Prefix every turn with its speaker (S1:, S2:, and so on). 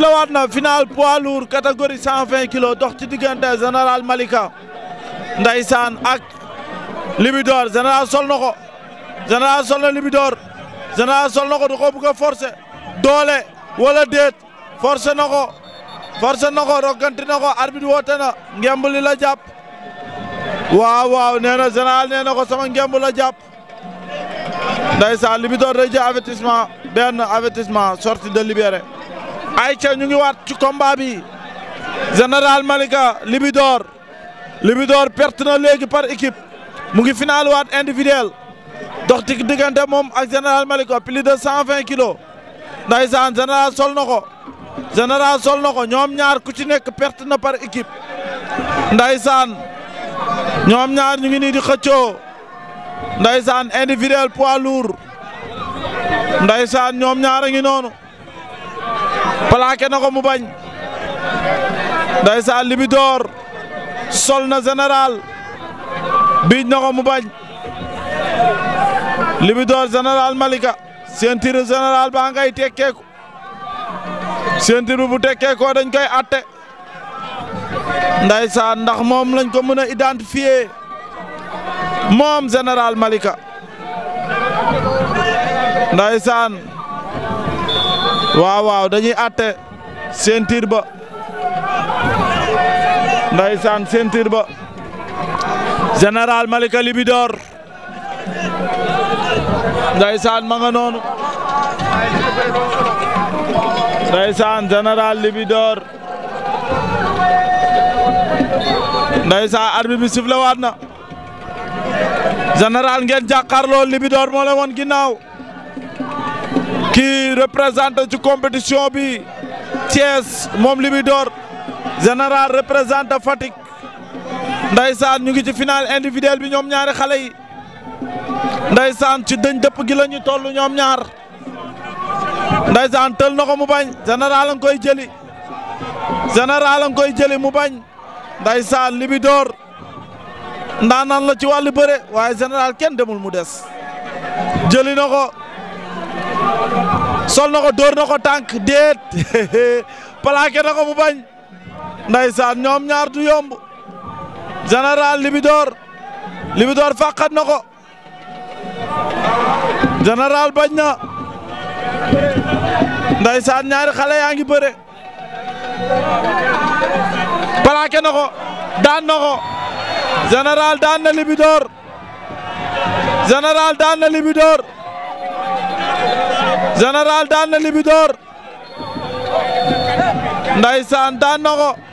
S1: sifflewaat na final poids lourd catégorie 120 kilos dox ci diggante général Malika Ndeysaan ak Libidor général sol na ko général sol na Libidor général sol ko du ko doole wala déet forcer na ko forcer na ko rogganti na ko arbitre woote na ngemb la jàpp waaw waaw nee na général nee na ko sama ngemb la jàpp Ndeysaan Libidor day jël avertissement benn avertissement sortie de libéré ayca ñu ngi waat ci combat bi général Malika Libidor Libidor perte na léegi par équipe mu ngi final waat individuel dox diggante moom ak général Malika plus de cent vingt kilos ndaysaan général sol na ko général sol na ko ñoom ñaar ku ci nekk perte na par équipe ndaysaan ñoom ñaar ñu ngi nii di xëccoo ndaysaan individuel poids lourd ndaysaan ñoom ñaar a ngi noonu plaqué na ko mu bañ ndeysaan Libidor sol na général biij na ko mu bañ Libidor général Malika ceinture général baa ngay tekkeeku sentir bu tekkeekoo dañ koy atte ndeysaan ndax moom lañ ko mën a identifier moom général Malika ndeysaan waaw waaw dañuy àtte ceinture ba ndaysaan ceinture ba général Malika Libidor ndaysaan ma nga noonu ndaysaan général Libidor ndaysaan arbitre bi sifflé waat na général ngeen jàkkaarloo Libidor moo leen woon ginnaaw kii représenté ci compétition bi Thiès moom Libidor général fatik nday ndaysaan ñu ngi ci final individuel bi ñoom ñaari xale yi ndaysaan ci dëñ dëpp gi la ñu toll ñoom ñaar ndaysaan tël na ko mu bañ général nga koy jëli général nga koy jëli mu bañ ndaysaan Libidor nan la ci wàllu bëre waaye général kenn demul mu des jëli na sol na ko dóor na ko tànk déet plaqué bu bañ mu bañ ndaysaan ñoom ñaar du yomb général Libidor Libidor fàqat na ko général bañ na ndaysaan ñaari xale yaa ngi bëre plaqué na ko daan na ko général daan na Libidor général daan na Libidor général daan na Libidor ndeysaan daan na ko